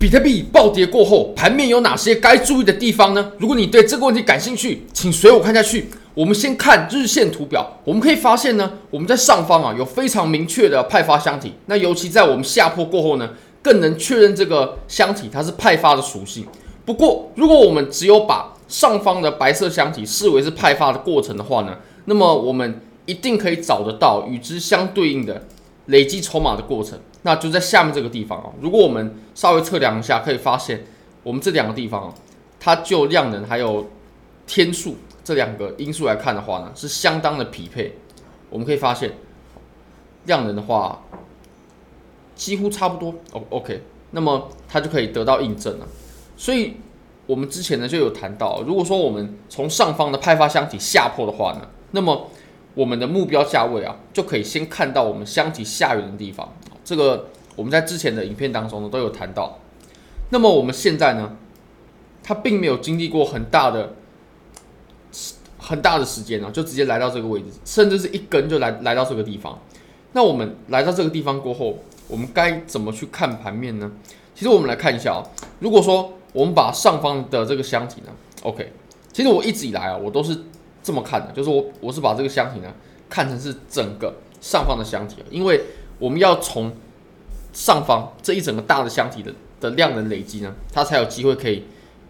比特幣暴跌過後，盤面有哪些該注意的地方呢？如果你對這個問題感興趣，請隨我看下去。我們先看日線圖表，我們可以發現呢，我們在上方啊有非常明確的派發箱體，那尤其在我們下破過後呢，更能確認這個箱體它是派發的屬性。不過，如果我們只有把上方的白色箱體視為是派發的過程的話呢，那麼我們一定可以找得到與之相對應的累積籌碼的過程。那就在下面這個地方啊，如果我們稍微測量一下，可以發現我們這兩個地方啊，它就量能還有天數這兩個因素來看的話呢，是相當的匹配。我們可以發現量能的話幾乎差不多，哦，OK，那麼它就可以得到印證了。所以我們之前呢就有談到，如果說我們從上方的派發箱體下破的話呢，那麼我們的目標價位啊，就可以先看到我們箱體下緣的地方。這個我們在之前的影片當中呢都有談到，那麼我們現在呢，它並沒有經歷過很大的很大的時間呢、哦，就直接來到這個位置，甚至是一根就來來到這個地方。那我們來到這個地方過後，我們該怎麼去看盤面呢？其實我們來看一下啊、哦，如果說我們把上方的這個箱體呢，OK，其實我一直以來啊，我都是這麼看的，就是我我是把這個箱體呢看成是整個上方的箱體，因為。我們要從上方這一整個大的箱體的的量能累積呢，它才有機會可以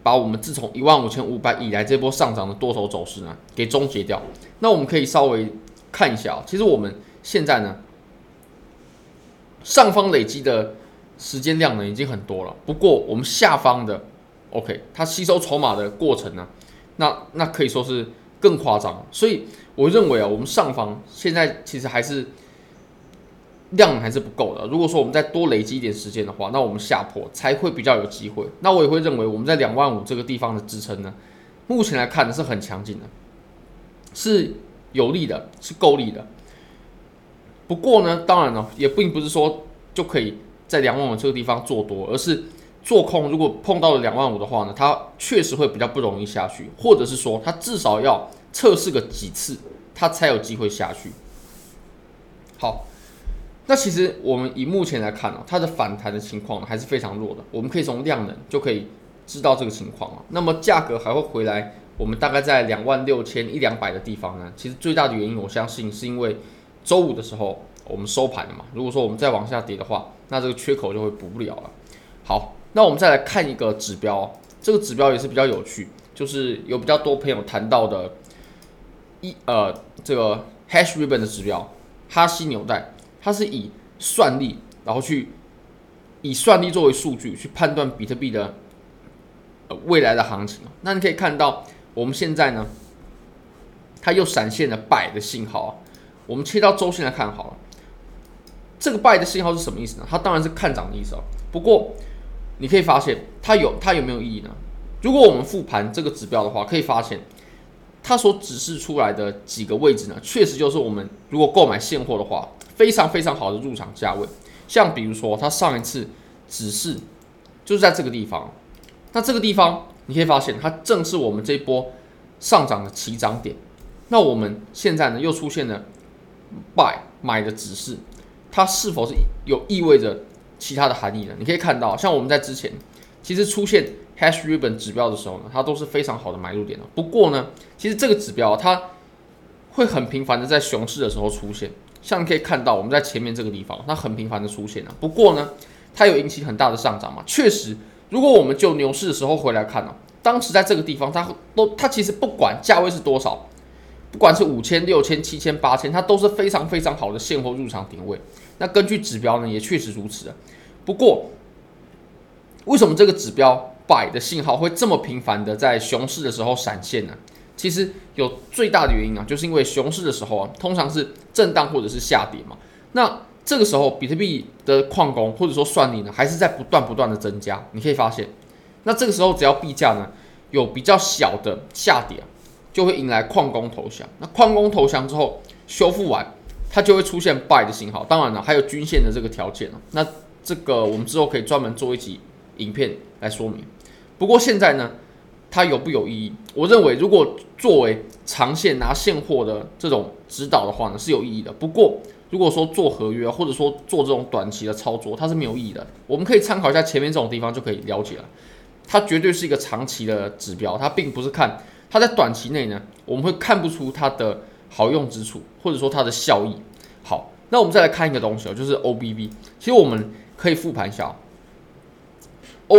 把我們自從一萬五千五百以來這波上漲的多頭走勢呢給終結掉。那我們可以稍微看一下啊、哦，其實我們現在呢，上方累積的時間量呢已經很多了，不過我們下方的 OK，它吸收籌碼的過程呢，那那可以說是更誇張。所以我認為啊、哦，我們上方現在其實還是。量還是不夠的。如果說我們再多累積一點時間的話，那我們下破才會比較有機會。那我也會認為我們在兩萬五這個地方的支撐呢，目前來看呢是很強勁的，是有力的，是夠力的。不過呢，當然了，也並不是說就可以在兩萬五這個地方做多，而是做空。如果碰到了兩萬五的話呢，它確實會比較不容易下去，或者是說它至少要測試個幾次，它才有機會下去。好。那其實我們以目前來看，哦，它的反彈的情況還是非常弱的。我們可以從量能就可以知道這個情況。那麼價格還會回來，我們大概在兩萬六千一兩百的地方呢。其實最大的原因，我相信是因為周五的時候我們收盤了嘛。如果說我們再往下跌的話，那這個缺口就會補不了了。好，那我們再來看一個指標，哦，這個指標也是比較有趣，就是有比較多朋友談到的，一呃這個 Hash Ribbon 的指標，哈希紐帶。它是以算力，然後去以算力作為數據去判斷比特幣的呃未來的行情。那你可以看到，我們現在呢，它又閃現了 buy 的信號。我們切到週線來看好了，這個 buy 的信號是什麼意思呢？它當然是看漲的意思啊。不過你可以發現，它有它有沒有意義呢？如果我們複盤這個指標的話，可以發現。它所指示出來的幾個位置呢，確實就是我們如果購買現貨的話，非常非常好的入場價位。像比如說，它上一次指示就是在這個地方，那這個地方你可以發現，它正是我們這一波上漲的起漲點。那我們現在呢，又出現了 buy 買的指示，它是否是有意味着其他的含義呢？你可以看到，像我們在之前其實出現。Cash Ribbon 指標的時候呢，它都是非常好的買入點的、喔。不過呢，其實這個指標它會很頻繁的在熊市的時候出現，像你可以看到我們在前面這個地方，它很頻繁的出現、啊、不過呢，它有引起很大的上漲嘛。確實，如果我們就牛市的時候回來看呢、喔，當時在這個地方，它都它其實不管價位是多少，不管是五千、六千、七千、八千，它都是非常非常好的現貨入場點位。那根據指標呢，也確實如此、啊。不過，為什麼這個指標，buy 的信號會這麼頻繁的在熊市的時候閃現呢？其實有最大的原因啊，就是因為熊市的時候啊，通常是震盪或者是下跌嘛。那這個時候，比特幣的礦工或者說算力呢，還是在不斷不斷的增加。你可以發現，那這個時候只要幣價呢有比較小的下跌、啊，就會迎來礦工投降。那礦工投降之後修復完，它就會出現 buy 的信號。當然了、啊，還有均線的這個條件啊。那這個我們之後可以專門做一集影片來說明。不過現在呢，它有不有意義？我認為，如果作為長線拿現貨的這種指導的話呢，是有意義的。不過，如果說做合約或者說做這種短期的操作，它是沒有意義的。我們可以參考一下前面這種地方就可以了解了。它絕對是一個長期的指標，它並不是看它在短期內呢，我們會看不出它的好用之處，或者說它的效益。好，那我們再來看一個東西哦，就是 OBV。其實我們可以復盤一下哦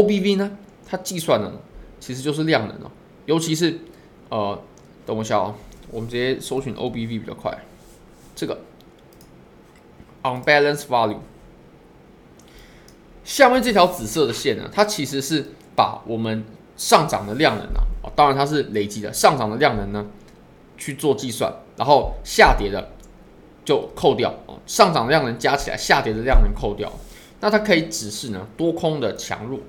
，OBV 呢。它計算的呢，其實就是量能哦，尤其是，呃，等我一下哦，我們直接搜尋 OBV 比較快。這個 On Balance Volume，下面這條紫色的線呢，它其實是把我們上漲的量能啊，哦、當然它是累積的上漲的量能呢去做計算，然後下跌的就扣掉哦，上漲的量能加起來，下跌的量能扣掉，那它可以指示呢多空的強弱。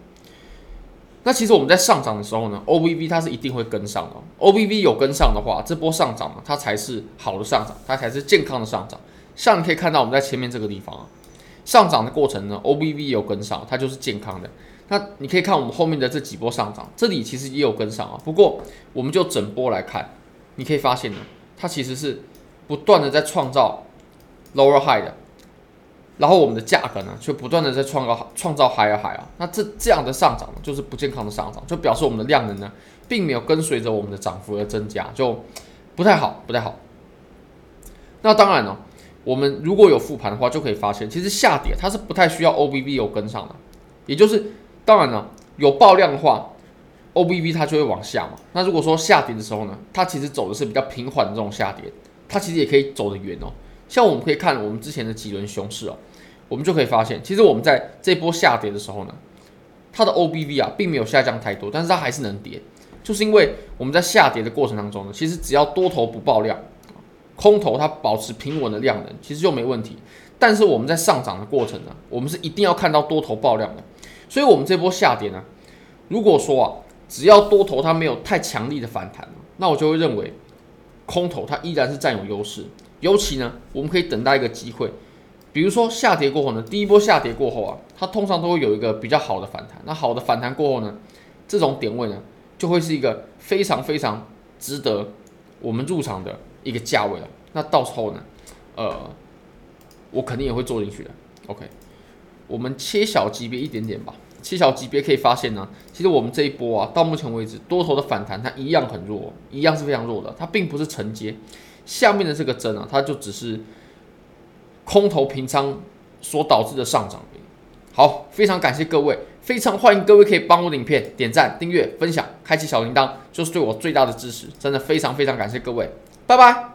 那其實我們在上漲的時候呢，OBV 它是一定會跟上的、喔。OBV 有跟上的話，這波上漲嘛，它才是好的上漲，它才是健康的上漲。像你可以看到我們在前面這個地方、啊、上漲的過程呢，OBV 有跟上，它就是健康的。那你可以看我們後面的這幾波上漲，這裡其實也有跟上啊。不過我們就整波來看，你可以發現呢，它其實是不斷的在創造 lower high 的。然後我們的價格呢，卻不斷的在創造創造 high 啊 high 啊，那這這樣的上漲呢，就是不健康的上漲，就表示我們的量能呢，並沒有跟隨着我們的漲幅而增加，就不太好，不太好。那當然了、哦，我們如果有復盤的話，就可以發現，其實下跌它是不太需要 OBV 有跟上的，也就是當然了、哦，有爆量的話，OBV 它就會往下嘛。那如果說下跌的時候呢，它其實走的是比較平緩的這種下跌，它其實也可以走得遠哦。像我們可以看我們之前的幾輪熊市哦。我們就可以發現，其實我們在這波下跌的時候呢，它的 OBV 啊，並沒有下降太多，但是它還是能跌，就是因為我們在下跌的過程當中呢，其實只要多頭不爆量，空頭它保持平穩的量能，其實就沒問題。但是我們在上漲的過程呢，我們是一定要看到多頭爆量的。所以，我們這波下跌呢，如果說啊，只要多頭它沒有太強力的反彈，那我就會認為空頭它依然是占有優勢。尤其呢，我們可以等待一個機會。比如說下跌過後呢，第一波下跌過後啊，它通常都會有一個比較好的反彈。那好的反彈過後呢，這種點位呢，就會是一個非常非常值得我們入場的一個價位了。那到時候呢，呃，我肯定也會做進去的。OK，我們切小級別一點點吧。切小級別可以發現呢，其實我們這一波啊，到目前為止，多頭的反彈它一樣很弱，一樣是非常弱的。它並不是承接下面的這個針啊，它就只是空頭平倉所導致的上漲，好，非常感謝各位，非常歡迎各位可以幫我影片點讚、訂閱、分享、開啟小鈴鐺，就是對我最大的支持，真的非常非常感謝各位，拜拜。